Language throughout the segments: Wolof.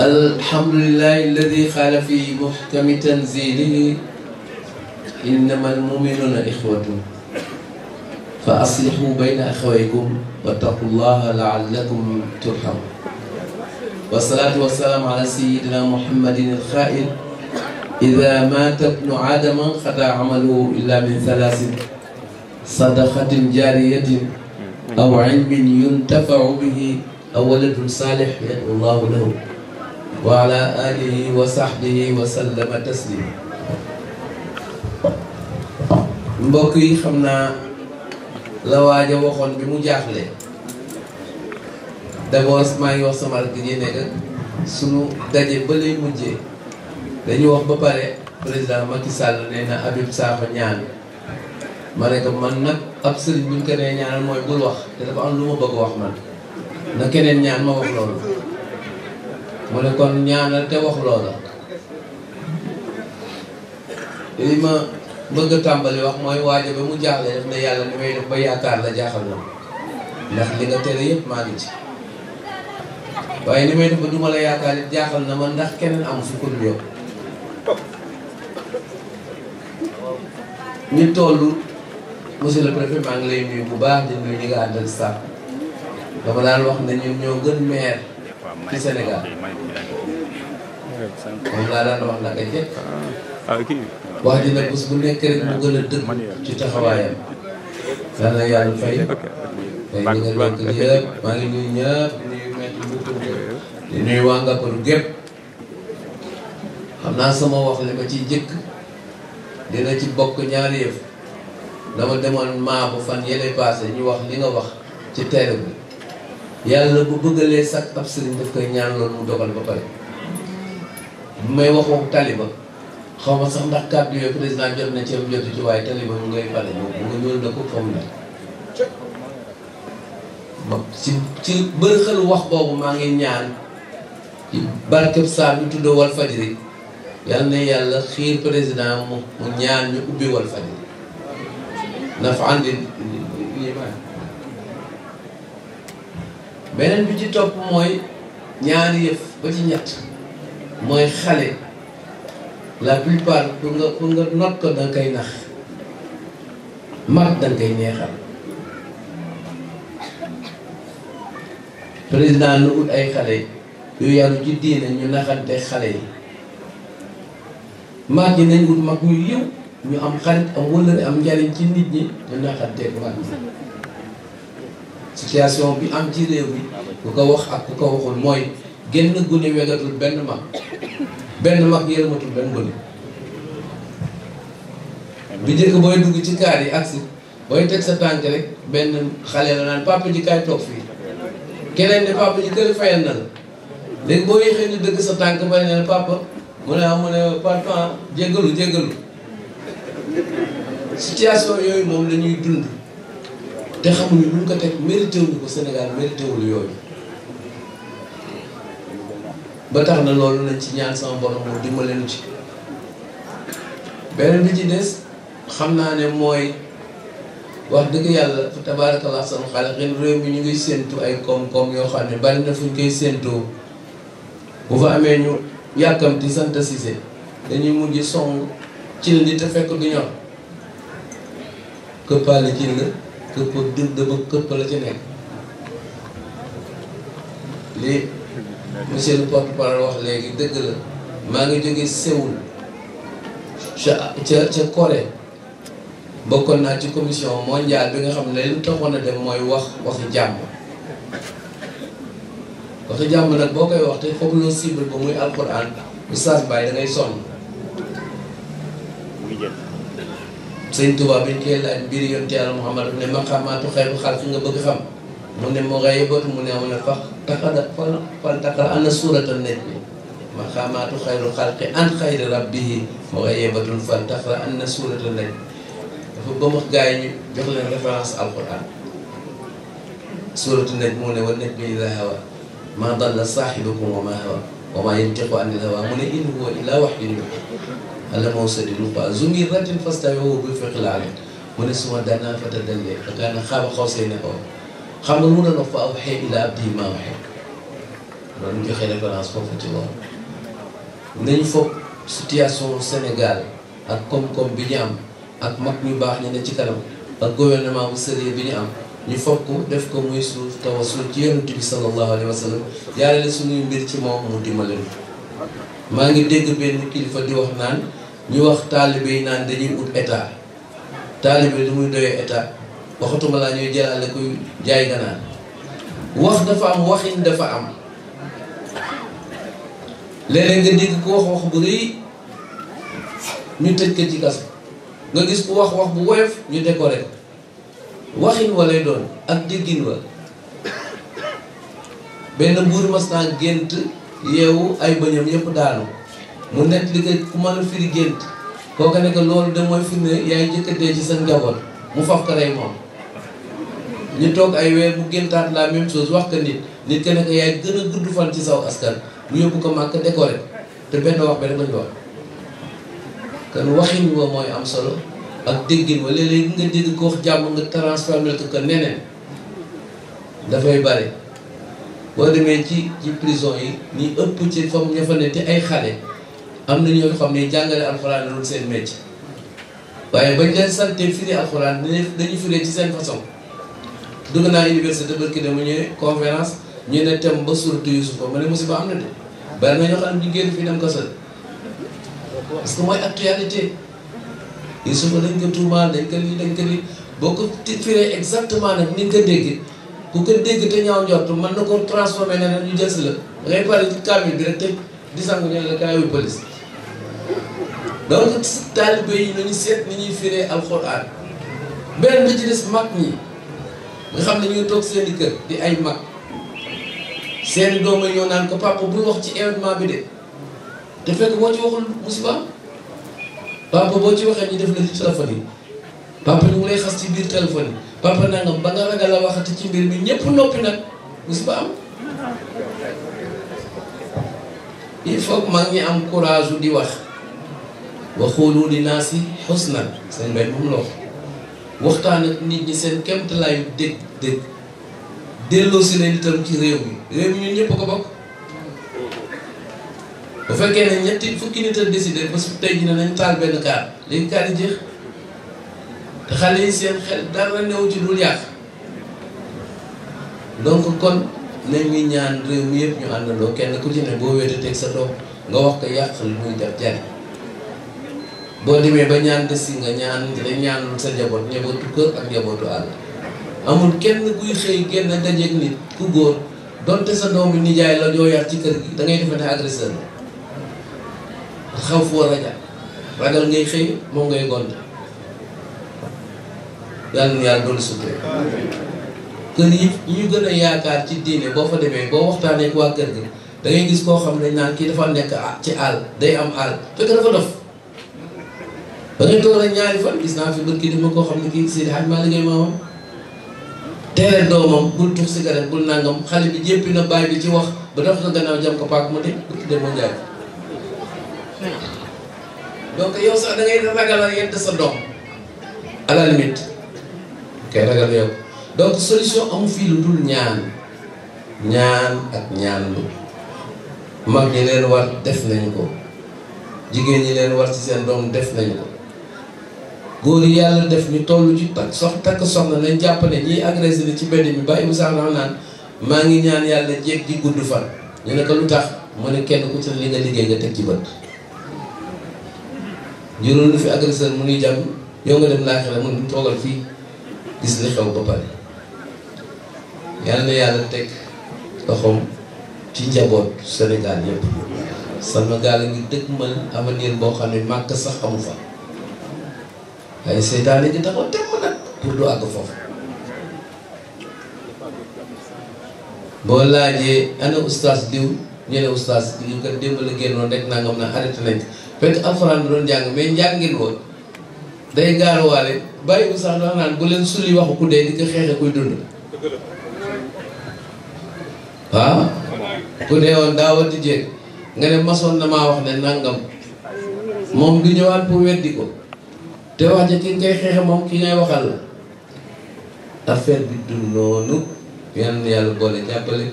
الحمد لله الذي قال في محكم تنزيله إنما المؤمنون إخوة فأصلحوا بين أخويكم واتقوا الله لعلكم ترحمون والصلاة والسلام على سيدنا محمد الخائن إذا مات ابن آدم انقطع عمله إلا من ثلاث صدقة جارية أو علم ينتفع به أو ولد صالح يدعو الله له wa ala alihi wa sahbihi wa sallama mbokk yi xam naa la waaja waxoon bi mu jaaxle d'abord maa ngi wax sama gi ñi nekk sunu daje ba lay dañu wax ba pare président Macky Sall nee na Habib Sakho ñaan ma ne ko man nag ab buñ ko nee ñaanal mooy bul wax te dafa am lu ma bëgg wax man na keneen ñaan ma wax loolu mu ne kon ñaanal te wax loola li ma bëgg tàmbali wax mooy waaja ba mu jaaxle def na yàlla ni may def ba yaakaar la jaaxal moom ndax li nga tere yëpp maa ci waaye ni may def ba duma la yaakaar it jaaxal na ma ndax keneen amu fi kun yow ñu toll monsieur le préfet maa ngi lay nuyu bu baax di nuyu ñi nga àndal sax dama daan wax ne ñoo gën meer ci Sénégal moom laa daan wax naka njëkk wax ji nag bés bu nekk rek mu gën a dëgg ci taxawaayam yal na yàlla fay tey ñu ngi nekk ñëpp maa ngi nuyu ñëpp nuyu métti di nuyu waa gépp xam naa sama wax li ma ciy njëkk dina ci bokk ñaari yëf dama demoon maa bu fan yële passé ñu wax li nga wax ci télé bi yàlla bu bëggalee sax ab sëriñ daf koy ñaan loolu mu dogal ba pare bu may wax waxu taliba xaw ma sax ndax kàddu yooyu président jot na ci am jotu ci waaye taliba mu ngay pare moom mu nga ñëw ko xaw ma ma ci ci bërxal wax boobu maa ngi ñaan ci barkeb saa bi tudd wal fajri yal na yàlla xiir président mu mu ñaan ñu ubbi wal fajri naf andi beneen bi ci topp mooy ñaari yëf ba ci ñett mooy xale la plupart pour nga pour nga not ko danga koy nax mag danga koy neexal président nu ut ay xale yu yaru ci diine ñu naxante xale yi mag yi nañu ut mag yu yiw ñu am xarit am wëllëre am njariñ ci nit ñi ñu naxante mag ñi situation bi am ci réew mi ku ko wax ak ku ko waxul mooy génn gune wegatul benn mag benn mag yërmatul benn gune bi njëkk booy dugg ci kaar yi agsi booy teg sa tànk rek benn xale la naan papa ji toog fii keneen ne papa ji kër fayal léegi boo yéexee ni dëgg sa tànk ba ne papa mu ne ah, mu ne papa jéggalu jéggalu situation yooyu moom lañuy dund te xamuñu lu mu ko teg mérité wuñu ko Sénégal mérité yooyu ba tax na loolu nañ ci ñaan sama borom moom dimbale nu ci beneen bi ci des xam naa ne mooy wax dëgg yàlla tabaarakallah sama xale xel réew mi ñu ngi séentu ay koom-koom yoo xam ne bari na fuñ koy séentoo bu fa amee ñu yàkkamti sant Cissé dañuy mujj song ci la di te fekk du ñor këppaale ci la këpp dund ba këpp la ci nekk li monsieur le porte wax léegi dëgg la maa ngi jóge Séoul ca ca ca Corée bokkoon naa ci commission mondiale bi nga xam ne li taxoon na dem mooy wax waxi jàmm waxi jàmm nag boo koy wax te foog loo cible ba muy alxuraan oustaz Baye da ngay sonn sëñ Tuubaa biñ koy laaj biir yonent yàlla Muhammad ne maqaamaatu xayru xalqi nga bëgg xam mu ne mu gaybatu mu ne mu ne fax taxada fal fal taxal ana suurata najmi maqaamaatu xayru xalqi an xayri rabbihi mu gaybatun fal taxal ana suurata najmi dafa ba mu gaa yi ñu jox leen référence alquran suuratu najmi mu ne wa najmi idaa hawaa maa dalla saaxibukum wa maa hawaa wa maa yantiqu ani l-hawaa mu ne in huwa illaa wahyun yuuhaa alamoo sa di lu ba zungi ratin fasta yow bu fekk laa ne mu ne suma danaa fa te dalee fa xaw see ne xam nga mu doon wax fa aw xee ilaa ab di maa waxee loolu joxe référence foofu ak koom-koom bi ñu am ak mag ñu baax ñu ne ci kanam ak gouvernement bu bi ñu am ñu foog ko def ko muy suuf tawasul ci yonent bi sallallahu alayhi wa sallam yàlla la suñuy mbir ci moom mu dimbali leen maa ngi dégg benn kilifa di wax naan ñu wax taalibe yi naan dañuy ut état taalibe lu muy doyee état waxatuma laa ñuy jëlaale kuy jaay ganaan wax dafa am waxin dafa am léeg-léeg nga dégg ku wax wax bu rëy ñu tëj ko ci kaso nga gis ku wax wax bu woyof ñu décoré waxin wa lay doon ak déggin wa benn mbuur mas naa gént yeewu ay bëñam yëpp daanu mu nekk liggéey ku mën a firi gént kooka ne ko loolu de mooy firnde yaay njëkk dee ci seen njaboot mu faf ko rey moom ñu toog ay weer mu géntaat la même chose wax ko nit nit ke ne yaay gën a gudd fan ci saw askan mu yóbbu ko màkk décoré te benn wax benn lañ wax kon waxin mooy am solo ak déggin wa léeg-léeg jàmm nga transformé ko ko neneen dafay bare boo demee ci ci prison yi ñi ëpp ci fam ña te ay xale am na ñoo xam ne jàngale alxuraan la seen métier waaye bañ leen sante firi alxuraan dañuy dañuy firee ci seen façon dugg naa université barki dama ñëwee conférence ba surtout Yuusufa ma ne musiba am na de bari na ñoo xam ne ñu génn fii dem kaso parce que mooy actualité Yuusufa dañ ko tuumaal dañ ko lii dañ ko boo ko firee exactement nag ni ko dégg ku ko dégg te ñaaw njort mën na ko transformé neneen ñu jël la ngay pare ci bi rek tëj di sangu ñeen la kaay wu police donc taalibe yi nañu seet ni ñuy firee alxuraan benn bi ci des mag ñi nga xam ne ñoo toog seeni kër di ay mag seeni dooma ñoo naan ko papa buy wax ci événement bi de te fekk boo ci waxul musiba papa boo ci waxee ñu def la ci téléphone yi papa ñu ngi lay xas ci biir téléphone yi papa nangam ba nga ragal la waxati ci mbir mi ñëpp noppi nag musiba am il faut que mag ñi am courage di wax waxoolu li naa si xusnan seen mbay moom la wax waxtaan ak nit ñi seen kemtalaayu dégg dégg delloo si ci réew mi réew mi ñun ñëpp ko bokk bu fekkee ne ñetti fukki nit a décidé parce que tey jii ne nañ taal benn kaar léegi kaar yi jeex te xale yi seen xel dara new ci dul yàq donc kon nañu ñaan réew mi yëpp ñu loo kenn ku ci ne boo wéete teg sa doom nga wax ko yàq li muy def jariñ boo demee ba ñaan des si nga ñaan dina ñaanul sa njaboot njabootu kër ak njabootu àll amul kenn kuy xëy génn dajeeg nit ku góor donte sa doomu nijaay la joo yar ci kër gi dangay ngay defante agresseur la xaw foo raja ragal ngay xëy moom ngay gont yàlla nu yàlla doolu sutura kër yi ñu gën a yaakaar ci diine boo fa demee boo waxtaanee waa kër gi da ngay gis koo xam ne naan kii dafa nekk ci àll day am àll fekk dafa dof ba ngay toog rek ñaari fan gis naa fi barki dama koo xam ne kii Seydi ma Malick ngay maamam teeleen doomam bul tux cigarette bul nangam xale bi jéppi na bàyyi bi ci wax ba def ko gannaaw jam ko paak mu de barki dama njaay donc yow sax da ngay ragal yedd sa doom à la kay ragal yow donc solution amu fii lu dul ñaan ñaan ak ñaanlu mag ñi leen war def nañu ko jigéen ñi leen war ci seen doom def nañu ko góor yi yàlla def ñu toll ci takk sox takk soxna nañ jàpp ne ñiy agressé la ci mbedd mi bàyyi mu sax naan maa ngi ñaan yàlla jéeg di gudd fan ñu ne lu tax mu ne kenn ku ci ne li nga liggéey nga teg ci bët juróom lu fi agresseur mu ngi jàng yow nga dem laaxira mun toogal fii gis li xew ba pare yàlla yàlla teg loxoom ci njaboot Sénégal yëpp sama gaal ngi dëkk man avenir boo xam ne màkk sax amu fa ay seytaane di taxaw temm nag pour du àgg foofu boo laajee ana ustaas diw ñu ne ñu ko démb la génnoon rek nangam na arrêté nañ fekk alxuraan bi doon jàng mais njàngin woon day gaaruwaale bàyyi bu sax ndax naan bu leen suli waxu ku dee di ko xeexe kuy dund waaw ku dee woon daawati jéeg nga ne masoon na wax ne nangam moom du ñëwaat pour weddi ko te wax ja ki nga koy xeexe moom ki ngay waxal la affaire bi du noonu yan yàlla boole jàppale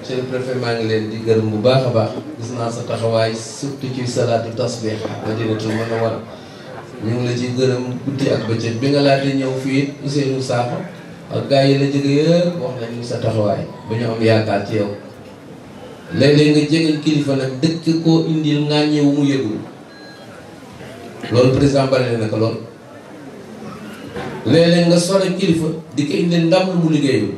monsieur le maa ngi leen di gërëm bu baax a baax gis naa sa taxawaay surtout ci salaatu tasbih madinatul munawwara ñu ngi la ci gërëm guddi ak bëccëg bi nga laata ñëw fii Ousseynou Sakho ak gaa yi la jóge yëpp wax nañu sa taxawaay ba ñu am yaakaar ci yow léeg-léeg nga jégal kilifa nag dëkk koo indil ngaa ñëw mu yëgul loolu président bari na ko lool léeg nga sore kilifa di ko indil ndam mu liggéeyoo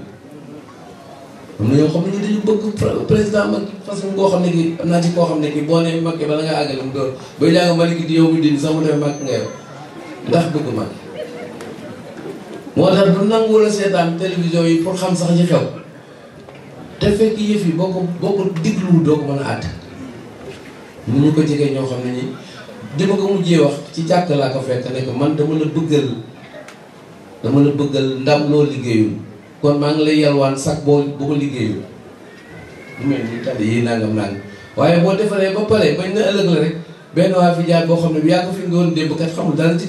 am na yoo xam ne dañu bëgg président Macky façon koo xam ne kii am naa ci koo xam ne kii boo nee Macky bala ngaa àggale mu door ba di ndax bëgg Macky moo tax nangu la seetaan télévision yi pour xam sax ñi xew te fekk yëf yi boo ko boo ko diglu doo ko mën a àtte ñu ko jege ñoo xam ne nii li ma ko mujjee wax ci jàkk laa ko fekk ne man dama la bëggal dama la bëggal ndam loo liggéeyul kon maa ngi lay yalwaan sax boo boo liggéeyul lu mel ni tali yi nangam nangam waaye boo defaree ba pare bañ na ëllëg la rek benn waa fi jaar boo xam ne bi yaa ko fi nga woon démb kat xamul dara ci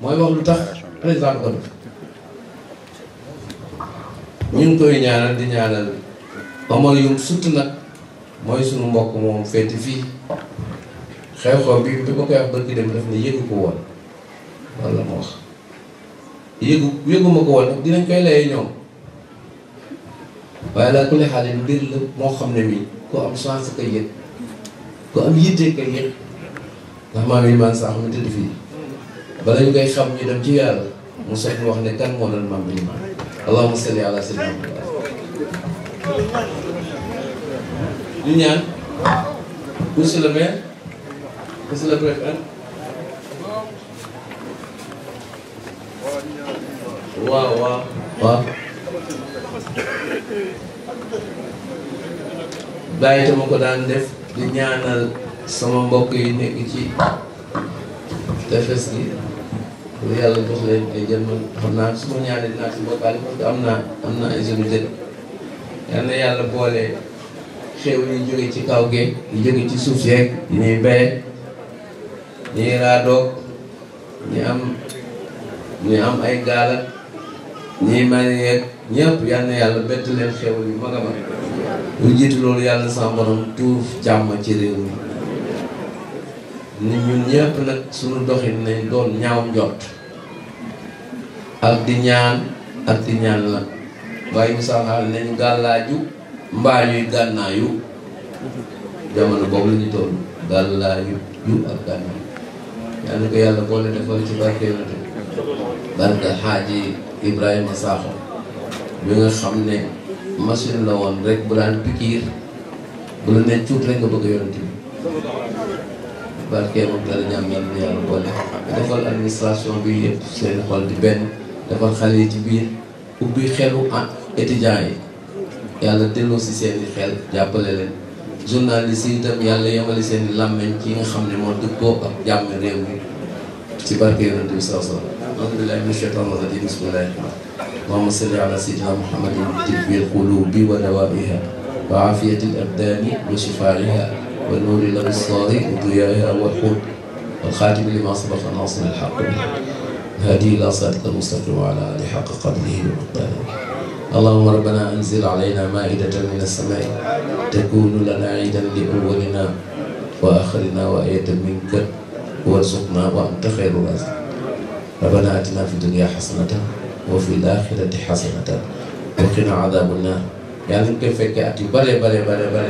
mooy wax lu tax président ko def ñu koy ñaanal di ñaanal Omar Youm surtout nag mooy suñu mbokk moom feeti fii xew-xew bi bi ma koy wax bërki dem daf ne yëgu ko woon loolu la wax yëgu yëguma ko woon dinañ koy layee ñoom waaye laa ku ne xaale mbir la moo xam ne mii ku am chance koy yëg ku am yitte koy yëg ndax maam yi man sax mu tëdd fii bala ñu koy xam ñu dem ci yàlla mu soog mu wax ne kan moo doon maam yi man allahumma salli ala sayyidina Muhammad ñu ñaan monsieur le maire This is the question. Wow, wow, wow. bàyyi te ko daan def di ñaanal sama mbokk yi nekk ci tefes gi pour yàlla jox leen ay jël man xam naa su ma ñaanee dinaa ci bokkaale parce que am naa am yàlla boole xew yi jóge ci kaw geeg yi jóge ci suuf yeeg yi ñuy béyee ñi raadoog ñi am ñi am ay gaalak ñi mariyeeg ñëpp yal yàlla bett leen xewal yu mag a mag lu jiitu loolu yàlla sama borom tuuf jàmm ci réew mi ni ñun ñëpp nag suñu doxin nañ doon ñaaw njot ak di ñaan ak di ñaan la waaye bu saxaal nañ gàllaaju mbaa ñuy gànnaayu jamono boobu la ñu toll gàllaaju yu ak gànnaayu yal ko yàlla boole defal ci barke yonente barke xaaji Ibrahima Sakho bi nga xam ne machine la woon rek bu daan pikiir bu la ne cuut rek nga bëgg yonente bi barke moom dara ñaam yal na yàlla boole yëpp seen xol di benn defal xale yi ci biir ubbi xelu ak étudiants yi yàlla delloo si seen xel jàppale leen journaliste yi itam yàlla yemale seen i làmmeñ ci nga xam ne moo dëppoo ak jàmm réew mi ci barke yonent bi saw saw أعوذ بالله من الشيطان الرجيم بسم الله الرحمن الرحيم اللهم صل على سيدنا محمد طب القلوب ودوائها وعافية الأبدان وشفائها ونور الأبصار وضيائها والحور والخاتم لما سبق ناصر الحق هذه لا صادق المستقيم وعلى آله حق قدره ومقداره allahumma rabbana anzil alayna maidatan min as-samai takunu lana iidan li awwalina wa axirina wa ayatan minka warzuqna wa anta xayru raziqin rabbana atina fi dunya xasanatan wa fi l-axirati xasanatan wa qina adaabu naar yàlla koy fekkee at yu bare bare bare bare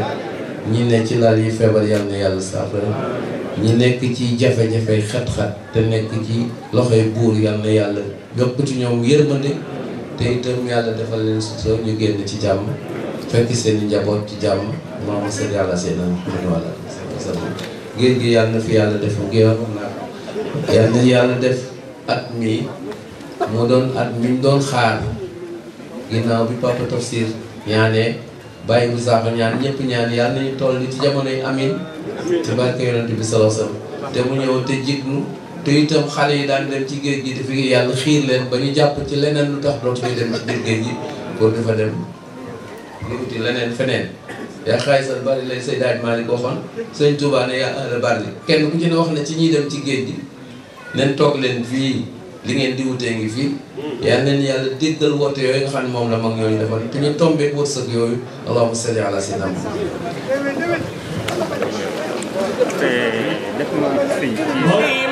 ñi ne ci laal yi feebar yàlla yàlla saafara ñi nekk ci jafe-jafe xat-xat te nekk ci loxoy buur yàlla na yàlla yokk ci ñoom yërmande te itam yàlla defal leen sutura ñu génn ci jàmm fekk seen i njaboot ci jàmm moom seen yàlla seen Muhammad wala sallam na fi yàlla def mu ngi wax naa yàlla doon at mi mu doon xaar ginnaaw bi papa ñaanee bàyyi bu saaxo ñaan ñëpp ñaan yàlla nañu toll ni ci jamonoy amin ci barke yonent bi sallallahu alayhi te mu ñëw te jig te itam xale yi daan dem ci géej gi dafa yàlla xiir leen ba ñu jàpp ci leneen lu tax dootuñu dem ci biir géej gi pour di fa dem di uti leneen feneen yaa xaayisal bari lay say daaj Maalik waxoon sëñ Tuubaa ne yaa ahla bari kenn ku ci ne wax na ci ñuy dem ci géej gi nen toog leen fii li ngeen di wutee ngi fii yal nañu yàlla déggal woote yooyu nga xam ne moom la mag yooyu defoon te ñu tombee wërsëg yooyu allahumma salli ala sayyidina Muhammad